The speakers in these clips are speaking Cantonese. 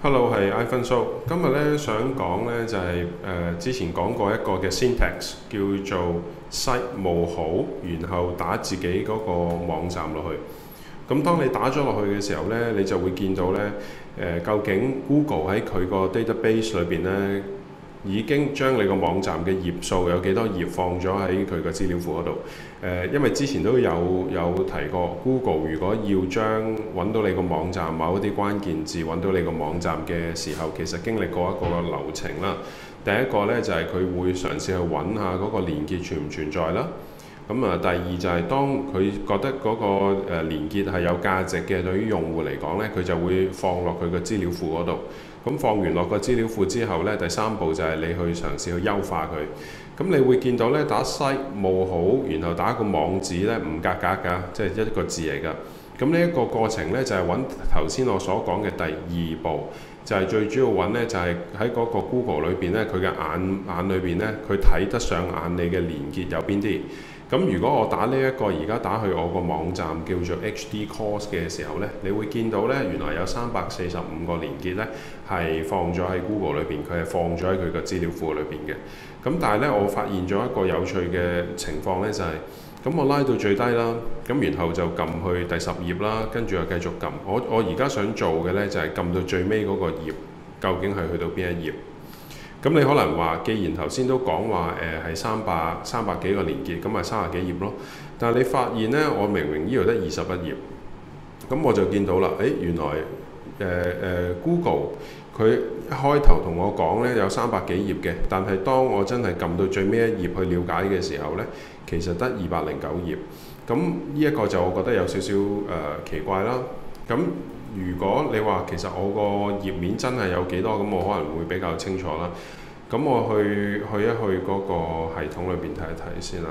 Hello，係 iPhone 叔，今日咧想講咧就係、是、誒、呃、之前講過一個嘅 syntax 叫做 site 冒號，然後打自己嗰個網站落去。咁當你打咗落去嘅時候咧，你就會見到咧誒、呃、究竟 Google 喺佢個 database 裏邊咧。已經將你個網站嘅頁數有幾多頁放咗喺佢個資料庫嗰度。呃，因為之前都有有提過，Google 如果要將揾到你個網站某一啲關鍵字，揾到你個網站嘅時候，其實經歷過一個流程啦。第一個呢，就係、係、佢會嘗試去揾下嗰個連結存唔存在啦。咁啊，第二就係當佢覺得嗰個誒連結係有價值嘅，對於用戶嚟講呢，佢就會放落佢個資料庫嗰度。咁放完落個資料庫之後呢，第三步就係你去嘗試去優化佢。咁你會見到呢，打西冇好，然後打個網址呢唔格格㗎，即係一個字嚟㗎。咁呢一個過程呢，就係揾頭先我所講嘅第二步，就係最主要揾呢，就係喺嗰個 Google 裏邊呢，佢嘅眼眼裏邊呢，佢睇得上眼你嘅連結有邊啲。咁如果我打呢、呢、一個而家打去我個網站叫做 HD Course 嘅時候呢，你會見到呢，原來有三百四十五個連結呢，係放咗喺 Google 裏邊，佢係放咗喺佢個資料庫裏邊嘅。咁但係呢，我發現咗一個有趣嘅情況呢，就係，就係咁我拉到最低啦，咁然後就撳去第十頁啦，跟住又繼續撳。我我而家想做嘅呢，就係撳到最尾嗰個頁，究竟係去到邊一頁？咁你可能話，既然頭先都講話誒係三百三百幾個連結，咁咪三十幾頁咯。但係你發現呢，我明明呢度得二十一頁，咁我就見到啦。誒、欸、原來、呃呃、Google 佢一開頭同我講呢，有三百幾頁嘅，但係當我真係撳到最尾一頁去了解嘅時候呢，其實得二百零九頁。咁呢一個就我覺得有少少誒、呃、奇怪啦。咁如果你話其實我個頁面真係有幾多，咁我可能會比較清楚啦。咁我去去一去嗰個系統裏邊睇一睇先啦。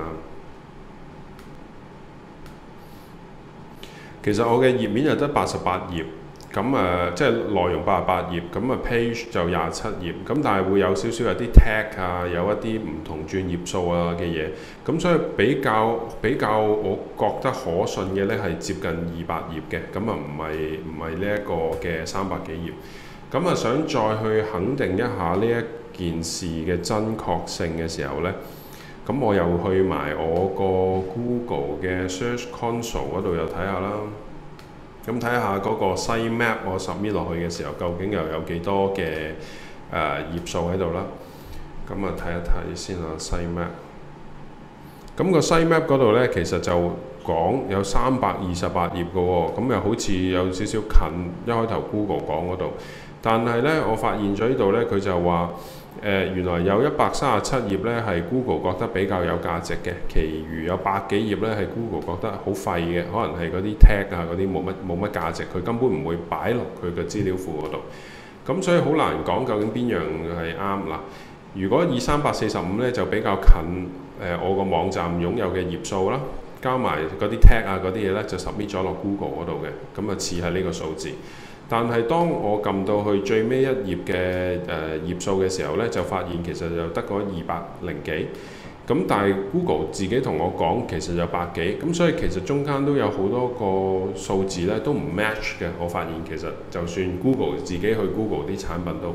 其實我嘅頁面就得八十八頁。咁啊，即係內容八十八頁，咁啊 page 就廿七頁，咁但係會有少少有啲 tag 啊，有一啲唔同轉頁數啊嘅嘢，咁所以比較比較，我覺得可信嘅呢係接近二百頁嘅，咁啊唔係唔係呢一個嘅三百幾頁，咁啊想再去肯定一下呢一件事嘅真確性嘅時候呢，咁我又去埋我個 Google 嘅 Search Console 嗰度又睇下啦。咁睇下嗰個 site map，我十米落去嘅時候，究竟又有幾多嘅誒、呃、頁數喺度啦？咁啊，睇一睇先啦，site map。咁個 site map 嗰度咧，其實就講有三百二十八頁嘅喎、哦，咁又好似有少少近一開頭 Google 講嗰度。但係咧，我發現咗呢度咧，佢就話誒、呃、原來有一百三十七頁咧係 Google 覺得比較有價值嘅，其餘有百幾頁咧係 Google 覺得好廢嘅，可能係嗰啲 tag 啊，嗰啲冇乜冇乜價值，佢根本唔會擺落佢嘅資料庫嗰度。咁所以好難講究竟邊樣係啱喇。如果以三百四十五咧就比較近誒、呃、我個網站擁有嘅頁數啦，加埋嗰啲 tag 啊，嗰啲嘢咧就 submit 咗落 Google 嗰度嘅，咁啊似係呢個數字。但係當我撳到去最尾一頁嘅誒、呃、頁數嘅時候呢，就發現其實就得嗰二百零幾，咁但係 Google 自己同我講其實就百幾，咁所以其實中間都有好多個數字呢都唔 match 嘅。我發現其實就算 Google 自己去 Google 啲產品都。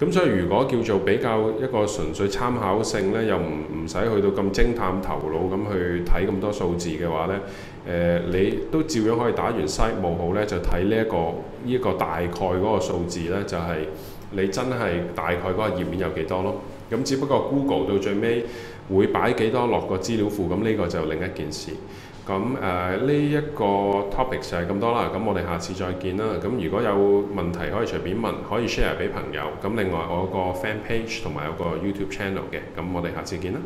咁所以如果叫做比較一個純粹參考性咧，又唔唔使去到咁偵探頭腦咁去睇咁多數字嘅話咧，誒、呃、你都照樣可以打完 site 冒號咧，就睇呢一個呢一、這個大概嗰個數字咧，就係、是、你真係大概嗰個頁面有幾多咯。咁只不過 Google 到最尾會擺幾多落個資料庫，咁呢個就另一件事。咁誒呢一個 topic 就係咁多啦，咁我哋下次再見啦。咁如果有問題可以隨便問，可以 share 俾朋友。咁另外我個 fan page 同埋有個 YouTube channel 嘅，咁我哋下次見啦。